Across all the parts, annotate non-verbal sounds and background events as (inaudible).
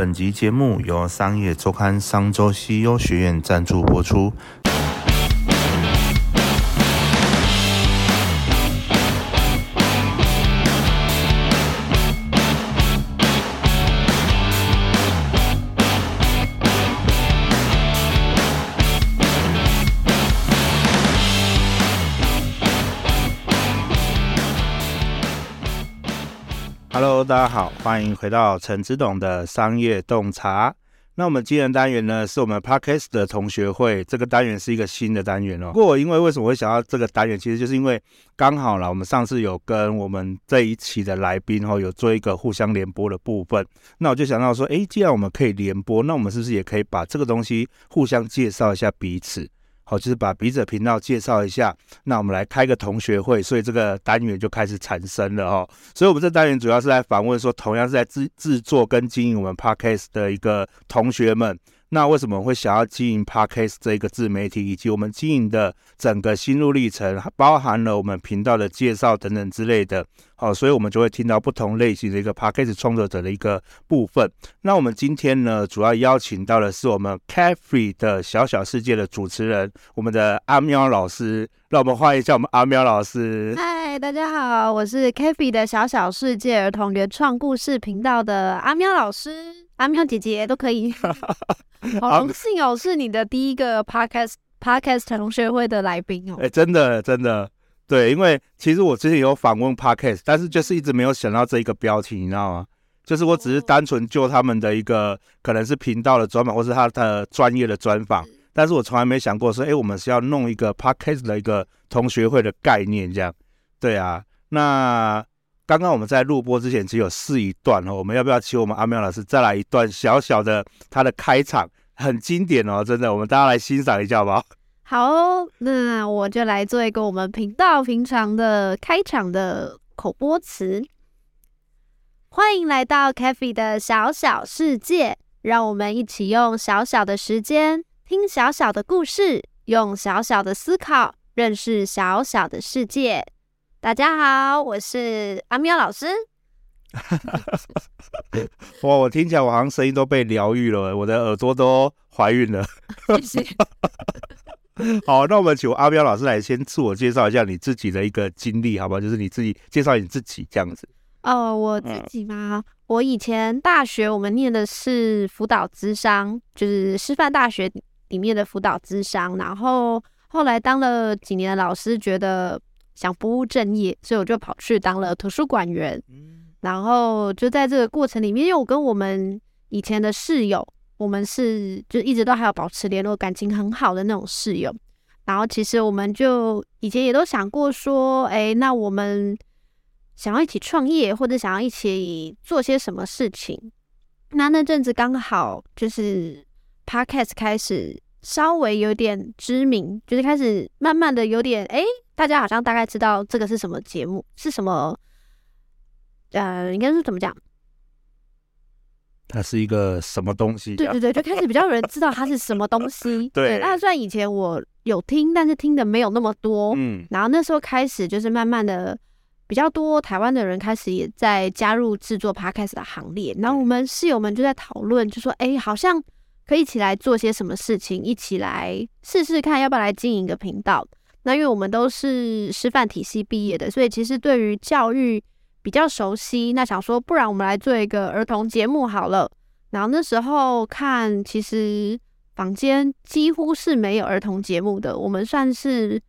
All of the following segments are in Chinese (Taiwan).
本集節目由商業周刊商周 CEO 學院贊助播出。大家好，歡迎回到陳執董的商業洞察。那我們今天的單元呢，是我們 Podcaster 的同學會，這個單元是一個新的單元哦。不過，我因為為什麼會想到這個單元，其實就是因為剛好啦，我們上次有跟我們這一期的來賓哈、哦，有做一個互相聯播的部分。那我就想到說，誒，既然我們可以聯播，那我們是不是也可以把這個東西互相介紹一下彼此？好、哦，就是把筆者頻道介紹一下。那我們來開個同學會，所以這個單元就開始產生了哦。所以，我們這單元主要是來訪問說，同樣是在制製作跟經營我們 Podcast 的一個同學們。那為什麼會想要經營 podcast 這一個自媒體以及我們經營的整個心路歷程，包含了我們頻道的介紹等等之類的，好、哦，所以我們就會聽到不同類型的一個 podcast 創作者的一個部分。那我們今天呢，主要邀請到的是我們 CaFi 的小小世界的主持人，我們的阿喵老師。讓我們歡迎一下我們阿喵老師。嗨，大家好，我是 CaFi 的小小世界兒童原創故事頻道的阿喵老師。阿、啊、喵姐姐都可以， (laughs) 好榮幸哦， (laughs) 是你的第一個 podcast podcast 同學會的來賓哦。哎、欸，真的真的，對，因為其實我之前有訪問 podcast，但是就是一直沒有想到這一個標題，你知道嗎？就是我只是單純就他們的一個、oh. 可能是頻道的專訪，或是他的專業的專訪，嗯、但是我從來沒想過說，哎、欸，我們是要弄一個 podcast 的一個同學會的概念，這樣，對啊，那。剛剛我們在錄播之前只有試一段哦，我們要不要請我們阿喵老師再來一段小小的？他的開場很經典哦，真的，我們大家來欣賞一下吧。好哦，那我就來做一個我們頻道平常的開場的口播詞。歡迎來到 CaFi 的小小世界，讓我們一起用小小的時間聽小小的故事，用小小的思考認識小小的世界。大家好，我是阿喵老師。 (laughs) 哇，我聽起來我好像聲音都被療癒了，我的耳朵都懷孕了。謝謝。好，那我們請我阿喵老師來先自我介紹一下你自己的一個經歷，好不好？就是你自己介紹你自己這樣子。哦，我自己嗎？我以前大學我們念的是輔導諮商，就是師範大學裡面的輔導諮商，然後後來當了幾年的老師，覺得，想不務正業，所以我就跑去當了圖書館員。然後就在這個過程裡面，因為我跟我們以前的室友，我們是就一直都還有保持聯絡，感情很好的那種室友。然後其實我們就以前也都想過說，哎、欸，那我們想要一起創業，或者想要一起做些什麼事情。那那陣子剛好就是 Podcast 開始稍微有點知名，就是開始慢慢的有點哎。欸大家好像大概知道這個是什麼節目，是什麼？呃，應該是怎麼講？它是一個什麼東西、啊？對對對，就開始比較有人知道它是什麼東西。 (laughs) 對，對，那算以前我有聽，但是聽的沒有那麼多。嗯，然後那時候開始就是慢慢的比較多臺灣的人開始也在加入製作 Podcast 的行列。然後我們室友們就在討論，就說：“哎對、欸，好像可以一起來做些什麼事情，一起來試試看要不要來經營一個頻道。”那因為我們都是師範體系畢業的，所以其實對於教育比較熟悉。那想說，不然我們來做一個兒童節目好了。然後那時候看，其實坊間幾乎是沒有兒童節目的，我們算是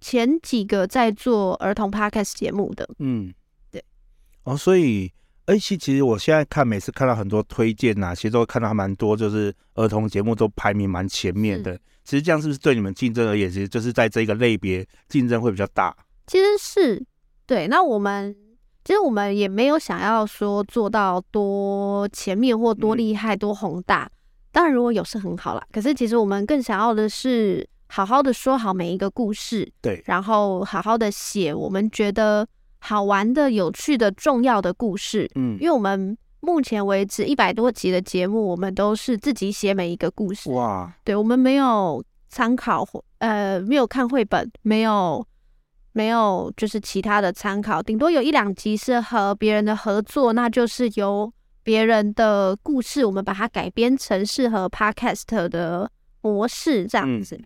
前幾個在做兒童 podcast 節目的。嗯，對。哦，所以。哎，其實我現在看，每次看到很多推薦吶、啊，其實都看到還蠻多，就是兒童節目都排名蠻前面的。是其實這樣是不是對你們競爭而言，其實就是在這個類別競爭會比較大？其實是對。那我們其實我們也沒有想要說做到多前面或多厲害、多宏大。嗯、當然如果有是很好啦，可是其實我們更想要的是好好的說好每一個故事，對，然後好好的寫。我們覺得。好玩的、有趣的、重要的故事，嗯，因為我們目前為止一百多集的節目，我們都是自己寫每一個故事，哇，對，我們沒有參考或呃沒有看繪本，沒有沒有就是其他的參考，頂多有一兩集是和別人的合作，那就是由別人的故事，我們把它改編成適合 podcast 的模式這樣子。嗯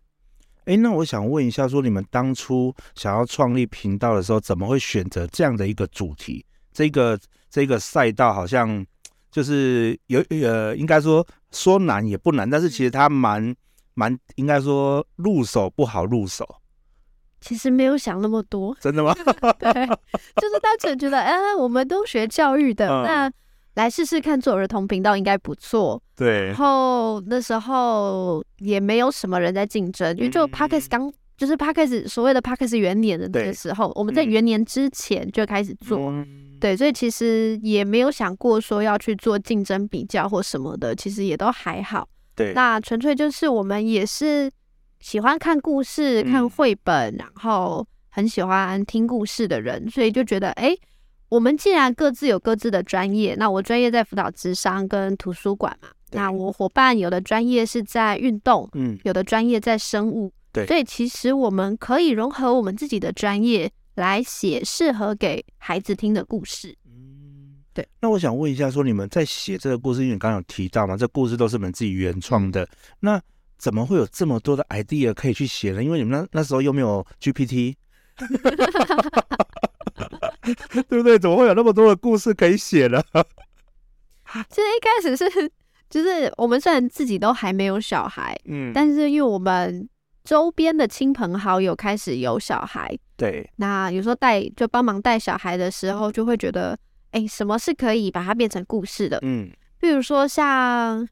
哎，那我想問一下，說你們當初想要創立頻道的時候，怎麼會選擇這樣的一個主題？這個這個賽道好像就是有，有呃，應該說說難也不難，但是其實它蠻蠻應該說入手不好入手。其實沒有想那麼多，真的嗎？ (laughs) (laughs) 對，就是單純覺得，哎、呃，我們都學教育的、嗯、那。來試試看做兒童頻道應該不錯。對，然後那時候也沒有什麼人在競爭，嗯、因為就 Podcast 剛就是 Podcast 所謂的 Podcast 元年的,的時候，對我們在元年之前就開始做，嗯、對，所以其實也沒有想過說要去做競爭比較或什麼的，其實也都還好。對，那純粹就是我們也是喜歡看故事、看繪本，嗯、然後很喜歡聽故事的人，所以就覺得哎。誒我們既然各自有各自的專業，那我專業在輔導諮商跟圖書館嘛。對那我夥伴有的專業是在運動，嗯，有的專業在生物。對，所以其實我們可以融合我們自己的專業來寫適合給孩子聽的故事。嗯，對。那我想問一下，說你們在寫這個故事，因為你剛剛有提到嘛，這故事都是你們自己原創的。嗯、那怎麼會有這麼多的 idea 可以去寫呢？因為你們那那時候又沒有 GPT。 (laughs) (laughs) (laughs) 對不對？怎麼會有那麼多的故事可以寫呢？其實一開始是，就是我們雖然自己都還沒有小孩，嗯，但是因為我們周邊的親朋好友開始有小孩，對，那有時候帶就幫忙帶小孩的時候，就會覺得，哎，什麼是可以把它變成故事的？嗯，比如說像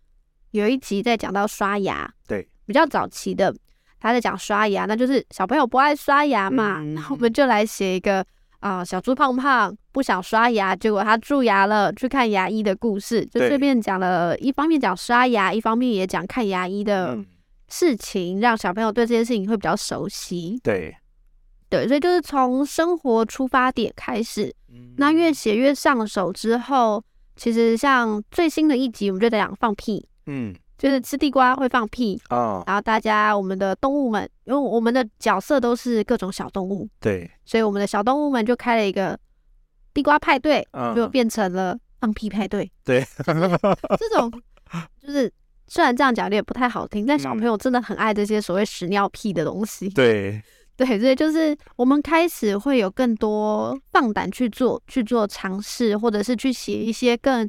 有一集在講到刷牙，對，比較早期的他在講刷牙，那就是小朋友不愛刷牙嘛，嗯、然後我們就來寫一個。啊，小豬胖胖不想刷牙，結果他蛀牙了，去看牙醫的故事，就順便講了對一方面講刷牙，一方面也講看牙醫的事情，嗯、讓小朋友對這件事情會比較熟悉。對，對，所以就是從生活出發點開始，嗯、那越寫越上手之後，其實像最新的一集，我們就在講放屁，嗯。就是吃地瓜會放屁啊，oh. 然後大家我們的動物們，因為我們的角色都是各種小動物，對，所以我們的小動物們就開了一個地瓜派對，oh. 就變成了放屁派對。對、就是，這種就是雖然這樣講的也不太好聽，但小朋友真的很愛這些所謂屎尿屁的東西。對， (laughs) 對，所以就是我們開始會有更多放膽去做，去做嘗試，或者是去寫一些更。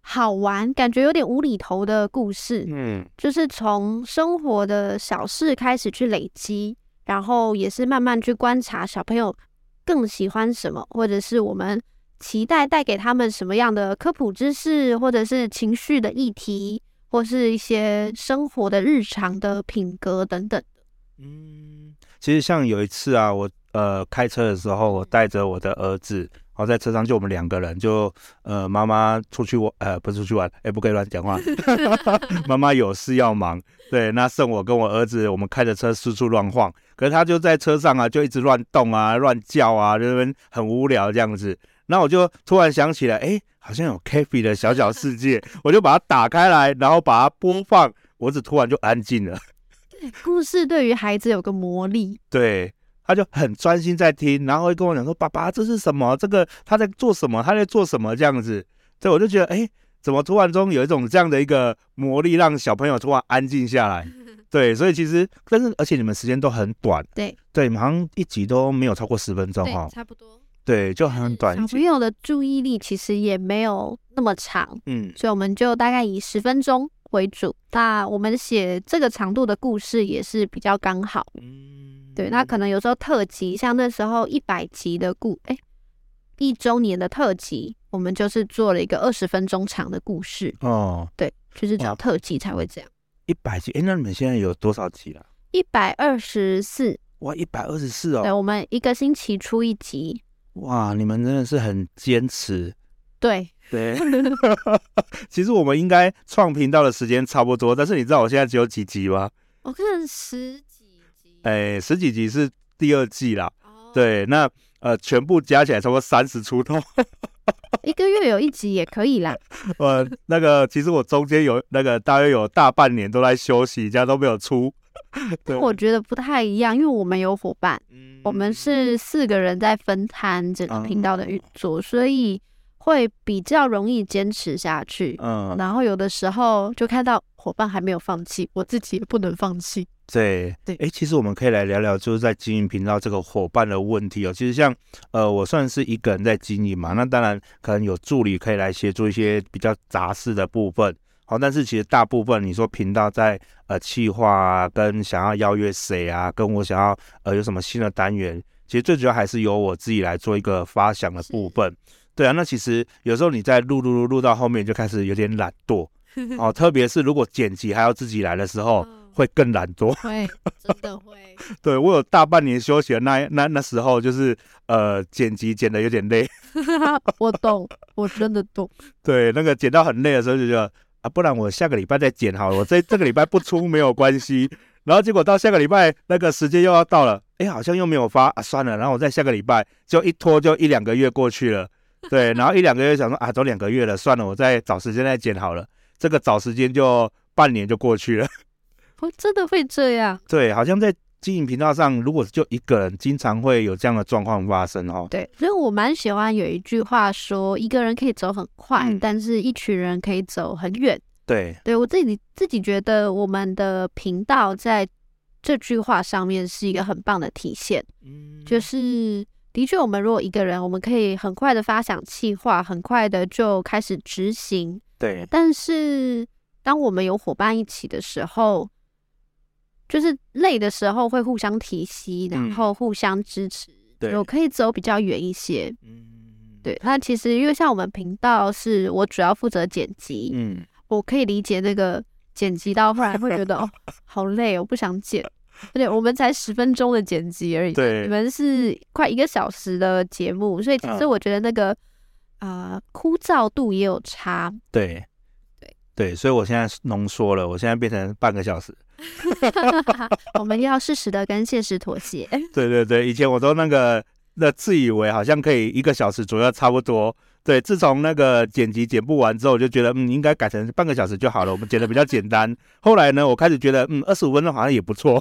好玩，感覺有點無厘頭的故事，嗯，就是從生活的小事開始去累積，然後也是慢慢去觀察小朋友更喜歡什麼，或者是我們期待帶給他們什麼樣的科普知識，或者是情緒的議題，或是一些生活的日常的品格等等。嗯，其實像有一次啊，我呃開車的時候，我帶着我的兒子。然後在車上就我們兩個人就，就呃媽媽出去玩，呃不出去玩，哎不可以亂講話， (laughs) 媽媽有事要忙。對，那剩我跟我兒子，我們開着車四處亂晃。可是他就在車上啊，就一直亂動啊，亂叫啊，就那邊很無聊這樣子。那我就突然想起了，哎，好像有 CaFi 的小小世界， (laughs) 我就把它打開來，然後把它播放，我只突然就安靜了。對，故事對於孩子有個魔力。對。他就很專心在聽，然後會跟我講說：“爸爸，這是什麼？這個他在做什麼？他在做什麼？”這樣子，對，我就覺得，哎、欸，怎麼突然中有一種這樣的一個魔力，讓小朋友突然安靜下來？ (laughs) 對，所以其實，但是而且你們時間都很短，對對，好像一集都沒有超過十分鐘哈，差不多，齁對，就很短。小朋友的注意力其實也沒有那麼長，嗯，所以我們就大概以十分鐘為主，那我們寫這個長度的故事也是比較剛好。嗯，對，那可能有時候特輯，像那時候一百集的故，哎、欸，一周年的特輯，我們就是做了一個二十分鐘長的故事。哦，對，就是找特輯才會這樣。哦，一百集，哎、欸，那你們現在有多少集了？一百二十四。哇，一百二十四哦。對，我們一個星期出一集。哇，你們真的是很堅持。對。對呵呵，其實我們應該創頻道的時間差不多，但是你知道我現在只有幾集嗎？我看十幾集，哎、欸，十幾集是第二季啦。哦、對，那呃，全部加起來差不多三十出頭。 (laughs) 一個月有一集也可以啦。我、呃、那個其實我中間有那個大約有大半年都在休息，這樣都沒有出。對我覺得不太一樣，因為我們有夥伴，嗯、我們是四個人在分攤整個頻道的運作，嗯、所以。會比較容易堅持下去，嗯，然後有的時候就看到夥伴還沒有放棄，我自己也不能放棄。對對，哎對，其實我們可以來聊聊，就是在經營頻道這個夥伴的問題哦。其實像呃，我算是一個人在經營嘛，那當然可能有助理可以來協助一些比較雜事的部分，好、哦，但是其實大部分你說頻道在呃企劃啊，跟想要邀約誰啊，跟我想要呃有什麼新的單元，其實最主要還是由我自己來做一個發想的部分。對啊，那其實有時候你在錄錄錄錄到後面就開始有點懶惰哦，特別是如果剪輯還要自己來的時候，哦、會更懶惰。會，真的會。 (laughs) 對，我有大半年休息的那，那那那時候就是呃剪輯剪得有點累。哈哈哈，我懂，我真的懂。對，那個剪到很累的時候就覺得啊，不然我下個禮拜再剪好了，我這這個禮拜不出沒有關係。 (laughs) 然後結果到下個禮拜那個時間又要到了，哎、欸，好像又沒有發啊，算了，然後我再下個禮拜就一拖就一兩個月過去了。 (laughs) 對，然後一兩個月想說啊，都兩個月了，算了，我再找時間再剪好了。這個找時間就半年就過去了， (laughs) 我真的會這樣？對，好像在經營頻道上，如果就一個人，經常會有這樣的狀況發生哦，對，所以我蠻喜歡有一句話說，一個人可以走很快，嗯、但是一群人可以走很遠。對，對我自己自己覺得，我們的頻道在這句話上面是一個很棒的體現。嗯，就是。的確，我們如果一個人，我們可以很快的發想企劃，很快的就開始執行。對但是，當我們有夥伴一起的時候，就是累的時候會互相提氣，然後互相支持。對、嗯，我可以走比較遠一些。嗯。對，那其實因為像我們頻道是我主要負責剪輯，嗯，我可以理解那個剪輯到後來會覺得哦， (laughs) 好累，我不想剪。對我們才十分鐘的剪輯而已，對你們是快一個小時的節目，所以其實我覺得那個啊、嗯呃、枯燥度也有差。對對,對，所以我現在濃縮了，我現在變成半個小時。 (laughs) (laughs) 我們要適時的跟現實妥協。對對對，以前我都那個那自以為好像可以一個小時左右差不多。對，自從那個剪輯剪不完之後，我就覺得嗯，應該改成半個小時就好了。我們剪得比較簡單。後來呢，我開始覺得嗯，二十五分鐘好像也不錯，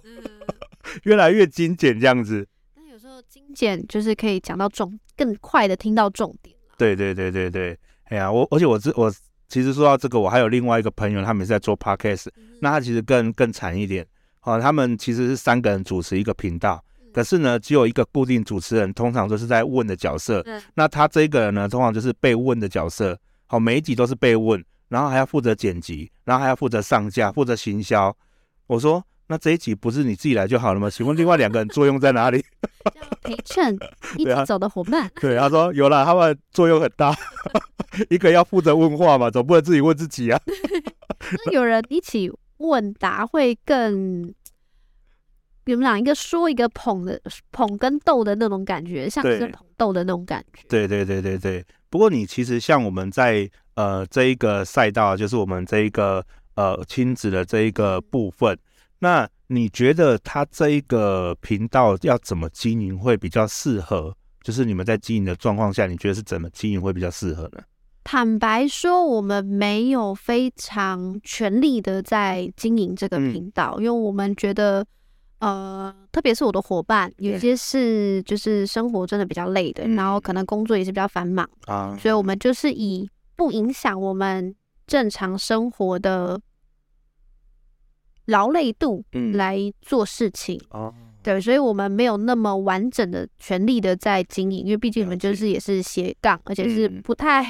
越 (laughs) 來越精簡這樣子。那有時候精簡就是可以講到重，更快的聽到重點啊。對對對對對，哎呀，我而且我這我其實說到這個，我還有另外一個朋友，他們是在做 Podcast，嗯。那他其實更更慘一點啊，他們其實是三個人主持一個頻道。可是呢，只有一個固定主持人，通常都是在問的角色。對那他這一個人呢，通常就是被問的角色。好，每一集都是被問，然後還要負責剪輯，然後還要負責上架、負責行銷。我說，那這一集不是你自己來就好了嗎？請問另外兩個人作用在哪裡？陪襯，一起走的夥伴。對、啊，他說有了，他們作用很大。 (laughs) 一個要負責問話嘛，總不能自己問自己啊。那 (laughs) 有人一起問答會更。你們倆一個說一個捧的捧跟逗的那種感覺，像是捧逗的那種感覺。對，對對對對對。不過你其實像我們在呃這一個賽道，就是我們這一個呃親子的這一個部分，那你覺得它這一個頻道要怎麼經營會比較適合？就是你們在經營的狀況下，你覺得是怎麼經營會比較適合呢？坦白說，我們沒有非常全力的在經營這個頻道，嗯、因為我們覺得。呃，特別是我的伙伴，有些是就是生活真的比較累的。Yeah. 然後可能工作也是比較繁忙啊，嗯、所以我們就是以不影響我們正常生活的勞累度來做事情，嗯、對，所以我們沒有那麼完整的，全力的在經營，因為畢竟我們就是也是斜槓，Okay. 而且是不太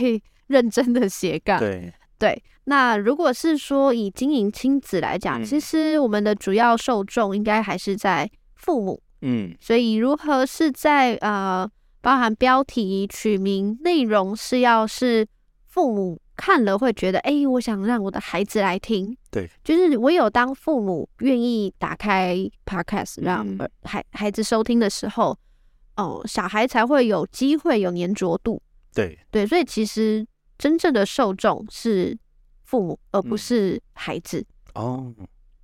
認真的斜槓，嗯，對。對，那如果是說以經營親子來講，嗯、其實我們的主要受眾應該還是在父母，嗯，所以如何是在呃，包含標題取名、內容是要是父母看了會覺得，哎、欸，我想讓我的孩子來聽，對，就是唯有當父母願意打開 Podcast 讓孩、嗯、孩子收聽的時候，哦、呃，小孩才會有機會有黏著度，對，對，所以其實。真正的受眾是父母，而不是孩子哦。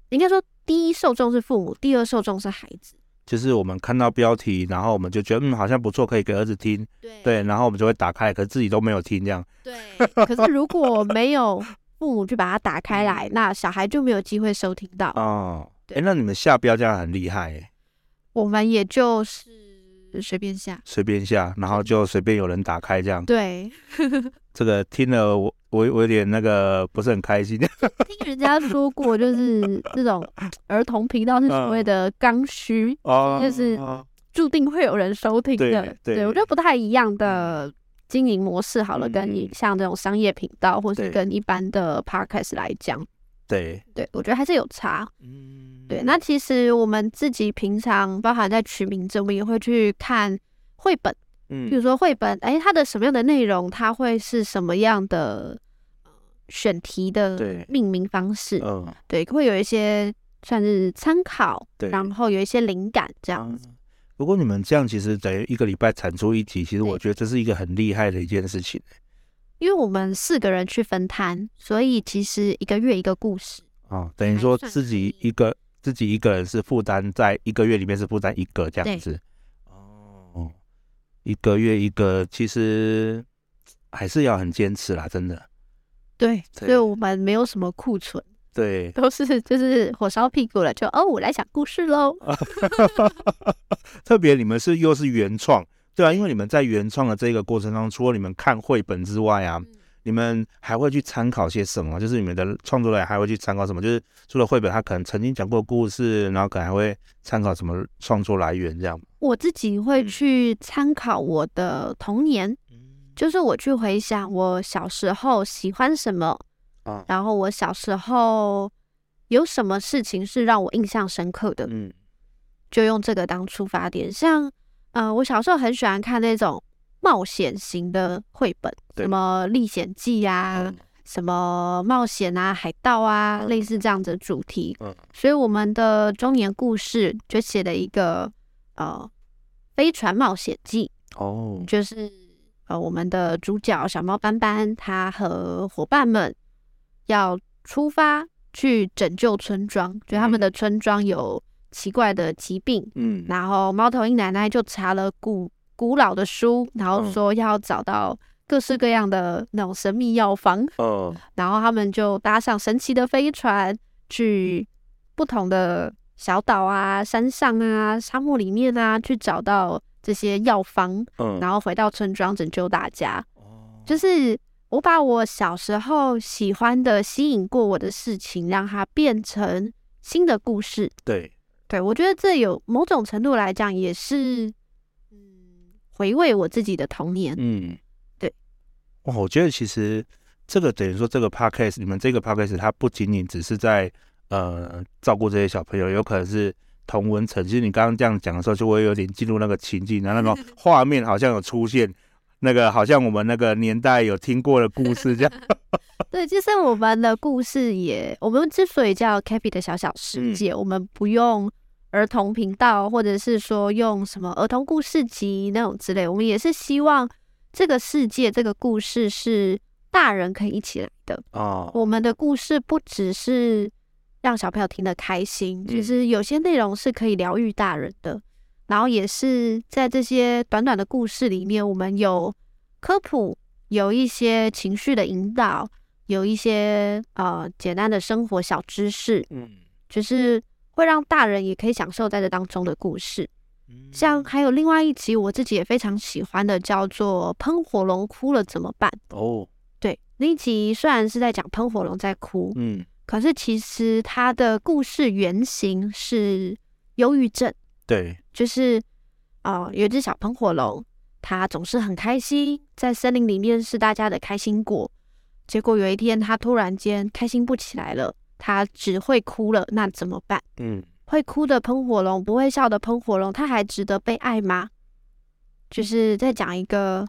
應該說，第一受眾是父母，第二受眾是孩子。就是我們看到標題，然後我們就覺得嗯，好像不錯，可以給兒子聽。對對，然後我們就會打開，可是自己都沒有聽這樣。對，可是如果沒有父母去把它打開來， (laughs) 那小孩就沒有機會收聽到哦。哎對、欸，那你們下標這樣很厲害耶。我們也就是。隨便下，隨便下，然後就隨便有人打開這樣。對， (laughs) 這個聽了我我我有點那個不是很開心。聽人家說過，就是這種兒童頻道是所謂的剛需，啊、就是注定會有人收聽的。對，對，對，我覺得不太一樣的經營模式好了，嗯、跟你像這種商業頻道，或是跟一般的 podcast 來講。對對，我覺得還是有差。嗯，對，那其實我們自己平常，包含在取名字，我們也會去看繪本。嗯，比如說繪本，哎、欸，它的什麼樣的內容，它會是什麼樣的選題的命名方式？對嗯，對，會有一些算是參考，對，然後有一些靈感這樣子。不過、嗯、你們這樣，其實等於一個禮拜產出一題，其實我覺得這是一個很厲害的一件事情、欸。因為我們四個人去分攤，所以其實一個月一個故事哦。等於說自己一個自己一個人是負擔，在一個月裡面是負擔一個這樣子。對哦，一個月一個，其實還是要很堅持啦，真的。對，對，所以我們沒有什麼庫存，對，都是就是火燒屁股了，就哦，我來講故事嘍。 (laughs) (laughs) 特別你們是又是原創。對啊，因為你們在原創的這個過程當中，除了你們看繪本之外啊，你們還會去參考些什麼？就是你們的創作的人還會去參考什麼？就是除了繪本，他可能曾經講過故事，然後可能還會參考什麼創作來源這樣。我自己會去參考我的童年，就是我去回想我小時候喜歡什麼啊，然後我小時候有什麼事情是讓我印象深刻的，嗯，就用這個當出發點，像。呃，我小時候很喜歡看那種冒險型的繪本，對什麼歷險記呀，啊，嗯、什麼冒險啊、海盜啊，類似這樣子的主題。嗯、所以我們的中年故事就寫了一個呃飛船冒險記哦，就是呃我們的主角小貓斑斑，它和夥伴們要出發去拯救村莊，嗯、就他們的村莊有奇怪的疾病，嗯，然後貓頭鷹奶奶就查了古古老的書，然後說要找到各式各樣的那種神秘藥方，嗯，然後他們就搭上神奇的飛船，去不同的小島啊、山上啊、沙漠裡面啊，去找到這些藥方，嗯，然後回到村莊拯救大家。哦，就是我把我小時候喜歡的、吸引過我的事情，讓它變成新的故事。對。對，我覺得這有某種程度來講也是，嗯，回味我自己的童年。嗯，對。哇，我覺得其實這個等於說這個 Podcast，你們這個 Podcast，它不僅僅只是在呃照顧這些小朋友，有可能是童文成。其實你剛剛這樣講的時候，就會有點進入那個情境，然後那種畫面好像有出現， (laughs) 那個好像我們那個年代有聽過的故事這樣。 (laughs) (laughs) 對，就是我們的故事也，我們之所以叫《CaFi 的小小世界》，嗯，我們不用，兒童頻道，或者是說用什麼兒童故事集那種之類，我們也是希望這個世界這個故事是大人可以一起來的。Oh. 我們的故事不只是讓小朋友聽得開心，其實、嗯、有些內容是可以療癒大人的。然後也是在這些短短的故事裡面，我們有科普，有一些情緒的引導，有一些呃簡單的生活小知識，嗯，就是。會讓大人也可以享受在這當中的故事，像還有另外一集，我自己也非常喜歡的，叫做《噴火龍哭了怎麼辦》。哦，對，那一集雖然是在講噴火龍在哭，嗯，可是其實它的故事原型是憂鬱症。對，就是啊、呃，有一隻小噴火龍，它總是很開心，在森林裡面是大家的開心果。結果有一天，它突然間開心不起來了。他只會哭了，那怎麼辦？嗯，會哭的噴火龍，不會笑的噴火龍，他還值得被愛嗎？就是在講一個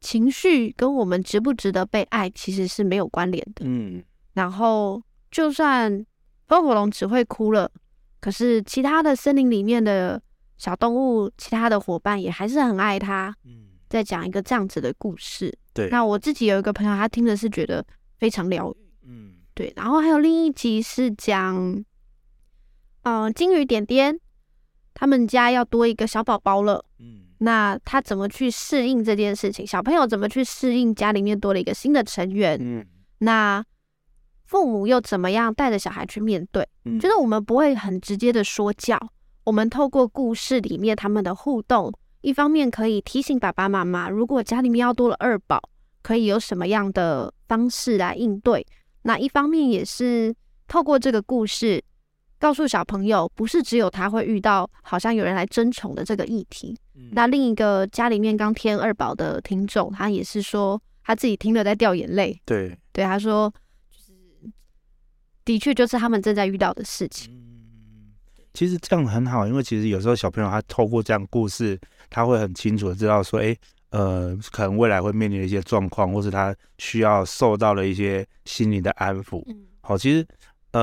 情緒跟我們值不值得被愛，其實是沒有關聯的。嗯，然後就算噴火龍只會哭了，可是其他的森林裡面的小動物，其他的夥伴也還是很愛他。嗯，再講一個這樣子的故事。對，那我自己有一個朋友，他聽的是覺得非常療癒。對，然後還有另一集是講，嗯、呃，金魚點點他們家要多一個小寶寶了。嗯，那他怎麼去適應這件事情？小朋友怎麼去適應家裡面多了一個新的成員？嗯，那父母又怎麼樣帶着小孩去面對？嗯，就是我們不會很直接的說教，我們透過故事裡面他們的互動，一方面可以提醒爸爸媽媽，如果家裡面要多了二寶，可以有什麼樣的方式來應對。那一方面也是透過這個故事，告訴小朋友，不是只有他會遇到，好像有人來爭寵的這個議題。嗯、那另一個家裡面剛添二寶的聽眾，他也是說他自己聽了在掉眼淚。對對，對他說就是的確就是他們正在遇到的事情、嗯。其實這樣很好，因為其實有時候小朋友他透過這樣故事，他會很清楚的知道說，哎、欸。呃，可能未來會面臨的一些狀況，或是他需要受到了一些心理的安撫。嗯，好，其實，嗯、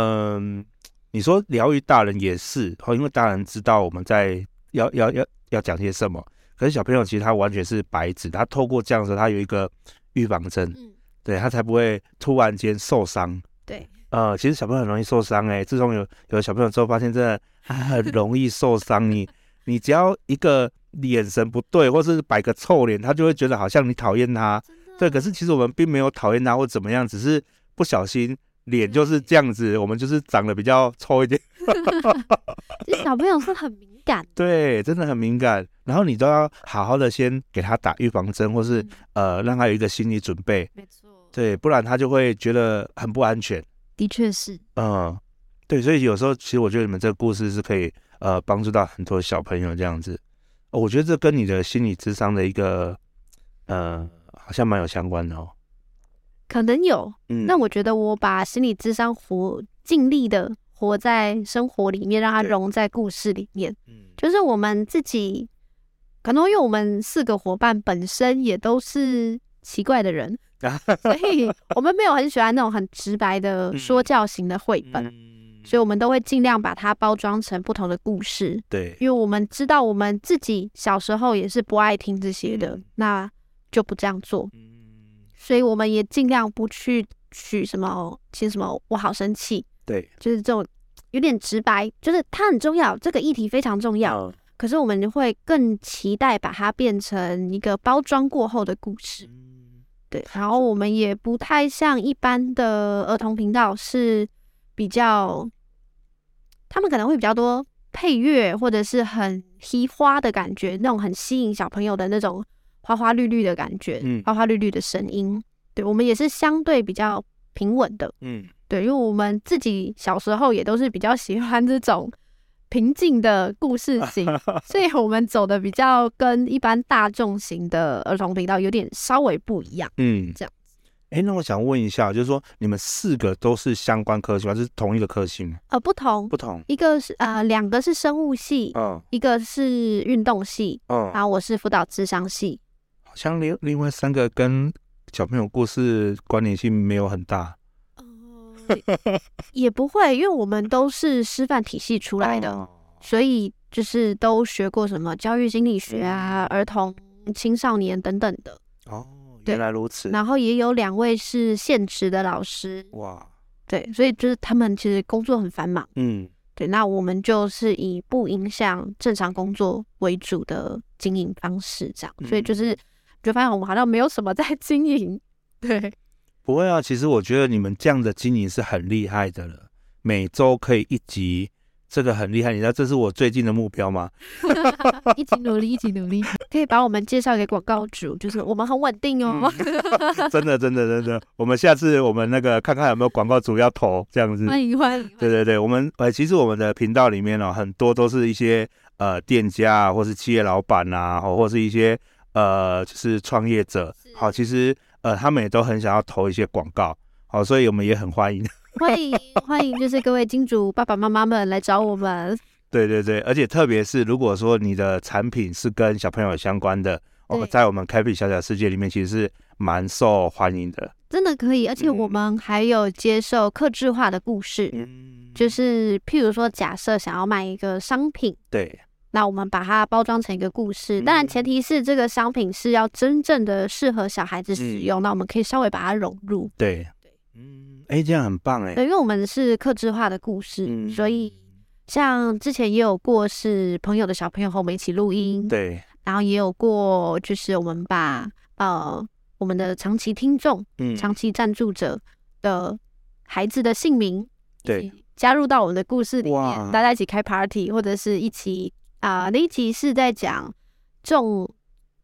呃，你說療癒大人也是，哦，因為大人知道我們在要要要要講些什麼。可是小朋友其實他完全是白紙，他透過這樣子，他有一個預防針，嗯，對，他才不會突然間受傷。對，呃，其實小朋友很容易受傷，哎、欸，自從有有了小朋友之後，發現真的他很容易受傷。 (laughs) 你你只要一個。眼神不對，或是擺個臭臉，他就會覺得好像你討厭他。的對，可是其實我們並沒有討厭他或怎麼樣，只是不小心臉就是這樣子。對我們就是長得比較臭一點。這 (laughs) (laughs) 小朋友是很敏感，對，真的很敏感。然後你都要好好的先給他打預防針，或是、嗯、呃，讓他有一個心理準備。沒錯。對，不然他就會覺得很不安全。的確是。嗯、呃，對，所以有時候其實我覺得你們這個故事是可以呃，幫助到很多小朋友這樣子。我覺得這跟你的心理諮商的一個，呃，好像蠻有相關的哦？可能有，嗯。那我覺得我把心理諮商活盡力的活在生活裡面，讓它融在故事裡面。對就是我們自己，可能因為我們四個夥伴本身也都是奇怪的人， (laughs) 所以我們沒有很喜歡那種很直白的說教型的繪本。嗯嗯所以，我們都會盡量把它包裝成不同的故事。對，因為我們知道我們自己小時候也是不愛聽這些的，嗯、那就不這樣做。嗯，所以我們也盡量不去取什麼，其實什麼，我好生氣。對，就是這種有點直白，就是它很重要，這個議題非常重要。可是我們會更期待把它變成一個包裝過後的故事。嗯、對，然後我們也不太像一般的兒童頻道是比較。他們可能會比較多配樂，或者是很喧嘩的感覺，那種很吸引小朋友的那種花花綠綠的感覺，嗯，花花綠綠的聲音，對，我們也是相對比較平穩的，嗯，對，因為我們自己小時候也都是比較喜歡這種平靜的故事型，所以我們走得比較跟一般大眾型的兒童頻道有點稍微不一樣，嗯，這樣。哎，那我想問一下，就是說你們四個都是相關科系還是同一個科系？呃，不同，不同。一個是呃，兩個是生物系，嗯、哦，一個是運動系，嗯、哦，然後我是輔導諮商系。好像另另外三個跟小朋友故事關聯性沒有很大。哦、呃，也不會，因為我們都是師範體系出來的，哦、所以就是都學過什麼教育心理學啊、兒童、青少年等等的。哦。原來如此，然後也有兩位是現職的老師，哇，對，所以就是他們其實工作很繁忙，嗯，對，那我們就是以不影響正常工作為主的經營方式這樣，嗯、所以就是就發現我們好像沒有什麼在經營，對，不會啊，其實我覺得你們這樣的經營是很厲害的了，每週可以一集。這個很厲害，你知道這是我最近的目標嗎？ (laughs) 一起努力，一起努力，可以把我們介紹給廣告主，就是我們很穩定哦 (laughs) (laughs) 真，真的，真的，真的，我們下次我們那個看看有沒有廣告主要投這樣子歡，歡迎，歡迎。對對對，我們呃，其實我們的頻道裡面哦、喔，很多都是一些呃店家或是企業老板吶、啊喔，或是一些呃就是創業者。是好，其實呃他們也都很想要投一些廣告，好，所以我們也很歡迎。歡迎 (laughs) 歡迎，歡迎就是各位金主爸爸媽媽們來找我們。對對對，而且特別是如果說你的產品是跟小朋友相關的，我們對在我們開 a p 小小世界裡面其實是蠻受歡迎的。真的可以，而且我們還有接受客製化的故事，嗯、就是譬如說假設想要賣一個商品，對，那我們把它包裝成一個故事。嗯、當然前提是這個商品是要真正的適合小孩子使用，嗯、那我們可以稍微把它融入。對。嗯，哎、欸，這樣很棒哎、欸。對，因為我們是客製化的故事，嗯、所以像之前也有過是朋友的小朋友和我們一起錄音，對。然後也有過，就是我們把呃我們的長期聽眾、嗯長期贊助者的孩子的姓名，對，加入到我們的故事裡面，哇大家一起開 party，或者是一起啊、呃，那一集是在講中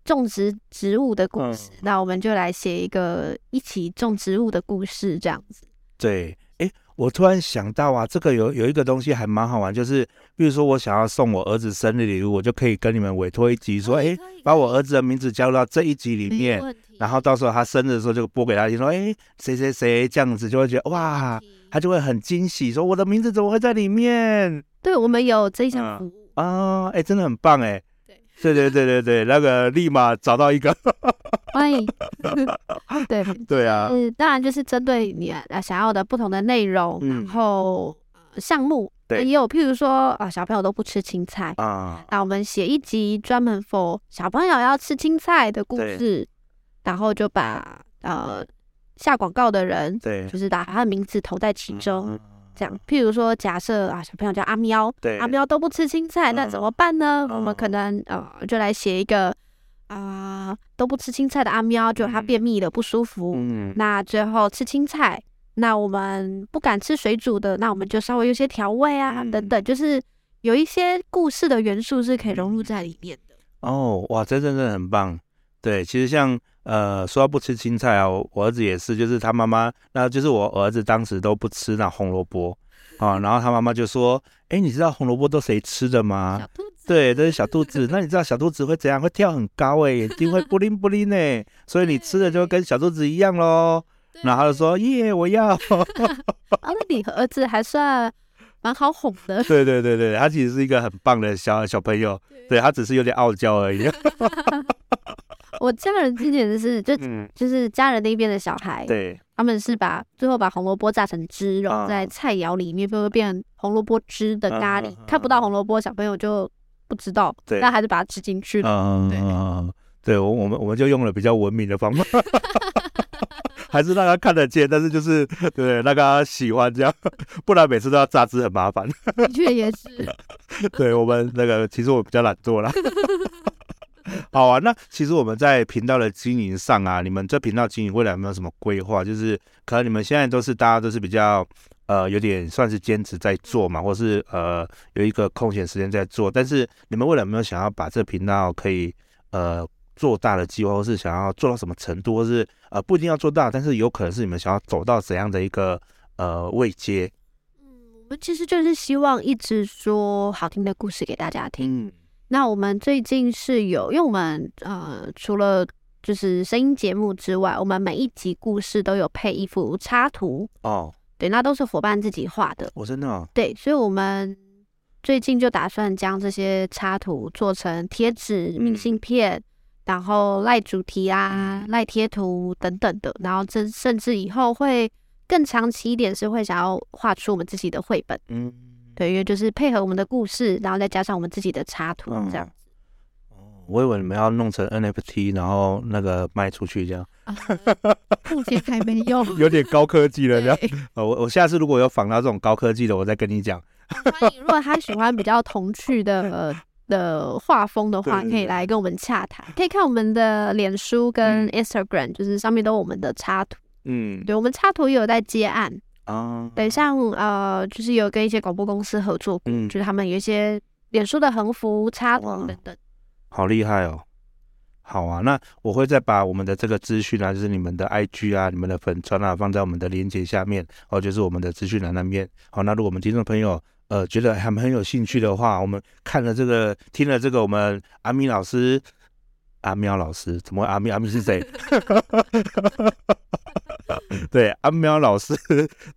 種植植物的故事，嗯、那我們就來寫一個一起種植物的故事，這樣子。對，哎、欸，我突然想到啊，這個有有一個東西還蠻好玩，就是比如說我想要送我兒子生日禮物，我就可以跟你們委託一集說，說哎、哦，欸、可以把我兒子的名字加入到這一集裡面，然後到時候他生日的時候就播給他聽說，說、欸、哎，誰誰誰這樣子，就會覺得哇，他就會很驚喜，說我的名字怎麼會在裡面？對，我們有這項服務啊，哎、嗯嗯欸，真的很棒哎、欸。對對對對對，那個立馬找到一個， (laughs) 歡迎， (laughs) 對對啊、呃，當然就是針對你、啊、想要的不同的內容，然後項目，嗯、對，也有譬如說啊，小朋友都不吃青菜啊，那我們寫一集專門 for 小朋友要吃青菜的故事，對然後就把呃下廣告的人，對，就是把他的名字投在其中。嗯嗯這樣，譬如說假設，假設啊，小朋友叫阿喵，對，阿喵都不吃青菜，那怎麼辦呢？嗯、我們可能呃，就來寫一個啊、嗯呃，都不吃青菜的阿喵，就他便秘了，不舒服。嗯，那最後吃青菜，那我們不敢吃水煮的，那我們就稍微有些調味啊，嗯、等等，就是有一些故事的元素是可以融入在裡面的。哦，哇，這真，真的很棒。對，其實像。呃，說要不吃青菜啊，我兒子也是，就是他媽媽，那就是我兒子當時都不吃那紅蘿蔔啊，然後他媽媽就說：“哎、欸，你知道紅蘿蔔都誰吃的嗎？小兔子對，都、就是小兔子。 (laughs) 那你知道小兔子會怎樣？會跳很高、欸，哎，眼睛會布靈布靈呢、欸。對所以你吃的就跟小兔子一樣嘍。對然後他就說：耶對，yeah, 我要。啊，那你和兒子還算蠻好哄的。對對對對，他其實是一個很棒的小小朋友，對，對他只是有點傲嬌而已。 (laughs) 我家人之前就是，就、嗯、就是家人那邊的小孩，對，他們是把最後把紅蘿蔔榨成汁，然後在菜肴裡面，會不會變紅蘿蔔汁的咖喱？嗯嗯嗯、看不到紅蘿蔔，小朋友就不知道，對，但還是把它吃進去了。嗯、對，對，我我們我們就用了比較文明的方法， (laughs) 還是讓他看得見，但是就是對，讓他喜歡這樣，不然每次都要榨汁很麻煩。 (laughs) 的確也是，對，我們那個其實我比較懶做懶惰啦 (laughs) 好啊，那其實我們在頻道的經營上啊，你們這頻道經營未來有沒有什麼規劃？就是可能你們現在都是大家都是比較呃有點算是兼職在做嘛，或是呃有一個空閒時間在做，但是你們未來有沒有想要把這頻道可以呃做大的計劃，或是想要做到什麼程度，或是呃不一定要做大，但是有可能是你們想要走到怎樣的一個呃位階？嗯，我們其實就是希望一直說好聽的故事給大家聽。那我們最近是有，因為我們呃，除了就是聲音節目之外，我們每一集故事都有配一幅插圖哦。Oh. 對，那都是夥伴自己畫的。我、oh, 真的、哦。對，所以我們最近就打算將這些插圖做成貼紙、明信片，嗯、然後賴主題啊、賴貼、嗯、圖等等的，然後這甚至以後會更長期一點，是會想要畫出我們自己的繪本。嗯。對，因為就是配合我們的故事，然後再加上我們自己的插圖這樣子。哦、嗯，我以為你們要弄成 NFT，然後那個賣出去這樣。啊、目前還沒用， (laughs) 有點高科技了。對，呃，我我下次如果有仿到這種高科技的，我再跟你講。歡迎，如果他喜歡比較童趣的、呃、的畫風的話，對你可以來跟我們洽談。可以看我們的臉書跟 Instagram，、嗯、就是上面都有我們的插圖。嗯，對我們插圖也有在接案。啊，uh, 等一下，呃，就是有跟一些廣播公司合作過，嗯、就是他們有一些臉書的橫幅、插圖等等。好厲害哦！好啊，那我會再把我們的這個資訊啊，就是你們的 IG 啊、你們的粉串啊，放在我們的鏈接下面，哦，就是我們的資訊欄那邊。好，那如果我們聽眾朋友呃覺得還很有興趣的話，我們看了這個，聽了這個，我們阿咪老師、阿、啊、喵老師，怎麼阿咪？阿咪是誰？ (laughs) 對阿喵老師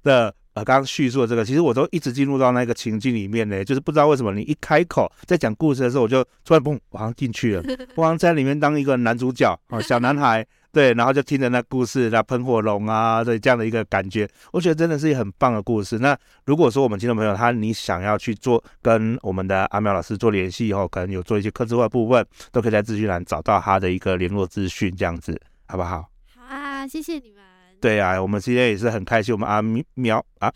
的呃，剛剛敘述的這個，其實我都一直進入到那個情境裡面呢。就是不知道為什麼，你一開口在講故事的時候，我就突然砰，好像進去了，我好像在裡面當一個男主角啊、呃，小男孩。 (laughs) 對，然後就聽着那故事，那噴火龍啊，這這樣的一個感覺，我覺得真的是一個很棒的故事。那如果說我們聽眾朋友他你想要去做跟我們的阿喵老師做聯繫以後，可能有做一些客制化部分，都可以在資訊欄找到他的一個聯絡資訊，這樣子好不好？好啊，謝謝你們。對啊，我們今天也是很開心。我們阿喵啊，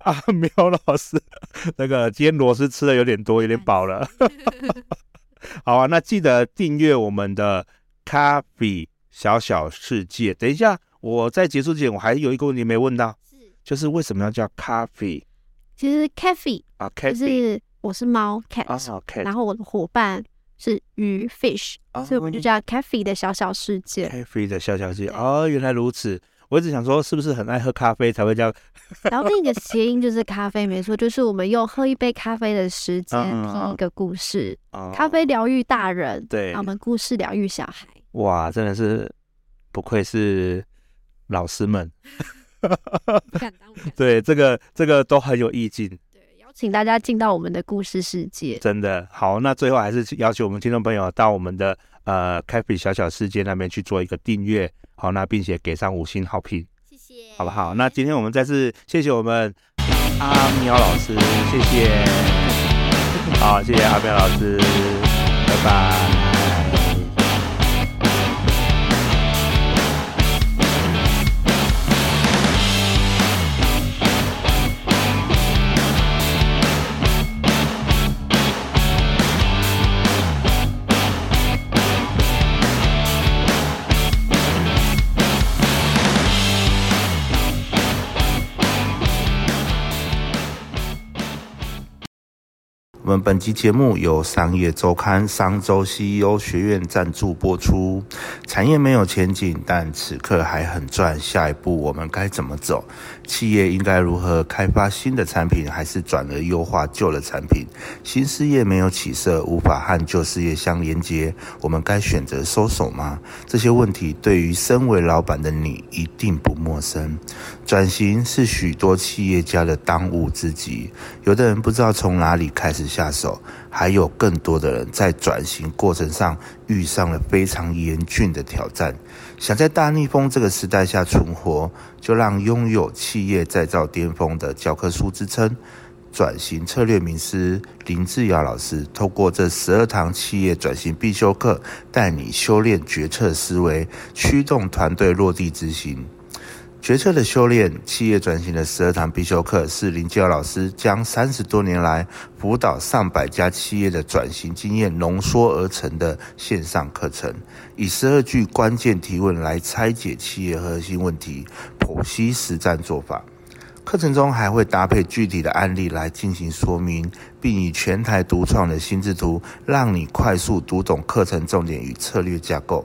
阿喵、啊 (laughs) 啊、老師，那個今天螺絲吃的有點多，有點飽了。 (laughs) 好啊，那記得訂閱我們的 CaFi 小小世界。等一下，我在結束之前我還有一個問題沒問到，是就是為什麼要叫 CaFi？其實 CaFi 啊，就是我是貓 cat，然後我的夥伴。是魚 fish，所以，oh，我們就叫 CaFi 的小小世界。CaFi 的小小世界，對哦，原來如此。我一直想說，是不是很愛喝咖啡才會叫？然後另一個諧音就是咖啡， (laughs) 沒錯，就是我們用喝一杯咖啡的時間聽一個故事。Uh, uh, uh, uh，咖啡療癒大人，對，我們故事療癒小孩。哇，真的是不愧是老師們， (laughs) 不敢當，我敢說。對，這個這個都很有意境。請大家進到我們的故事世界，真的好。那最後還是邀請我們聽眾朋友到我們的呃 CaFi 的小小世界那邊去做一個訂閱，好，那並且給上五星好評，謝謝，好不好？那今天我們再次謝謝我們阿喵老師，謝謝，好，謝謝阿喵老師，拜拜。我們本期節目由商業周刊商周 CEO 學院贊助播出。產業沒有前景，但此刻還很賺。下一步我們該怎麼走？企業應該如何開發新的產品，還是轉而優化舊的產品？新事業沒有起色，無法和舊事業相連接，我們該選擇收手嗎？這些問題對於身為老板的你一定不陌生。轉型是許多企業家的當務之急，有的人不知道從哪裡開始下手，還有更多的人在轉型過程上遇上了非常嚴峻的挑戰。想在大逆風這個時代下存活，就讓擁有企業再造巔峰的教科書之稱、轉型策略名師林志垚老師，透過這十二堂企業轉型必修課，帶你修煉決策思維，驅動團隊落地執行。決策的修煉，企業轉型的十二堂必修課，是林志垚老師將三十多年來輔導上百家企業的轉型經驗濃縮而成的線上課程，以十二句關鍵提問來拆解企業核心問題，剖析實戰做法。課程中還會搭配具體的案例來進行說明，並以全台獨創的心智圖，讓你快速讀懂課程重點與策略架構。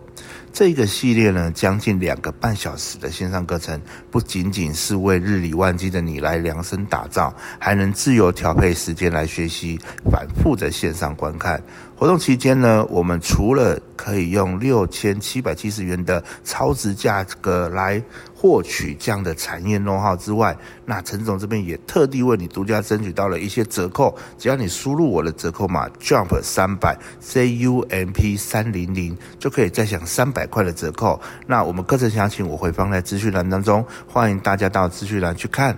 這個系列呢，將近兩個半小時的線上課程，不僅僅是為日理萬機的你來量身打造，還能自由調配時間來學習，反復的線上觀看。活動期間呢，我們除了可以用六千七百七十元的超值價格來獲取這樣的產業 know how 之外，那陳總這邊也特地為你獨家爭取到了一些折扣。只要你輸入我的折扣碼 jump 三百 j u m p 三零零，300，就可以再享三百塊的折扣。那我們課程詳情我會放在資訊欄當中，歡迎大家到資訊欄去看。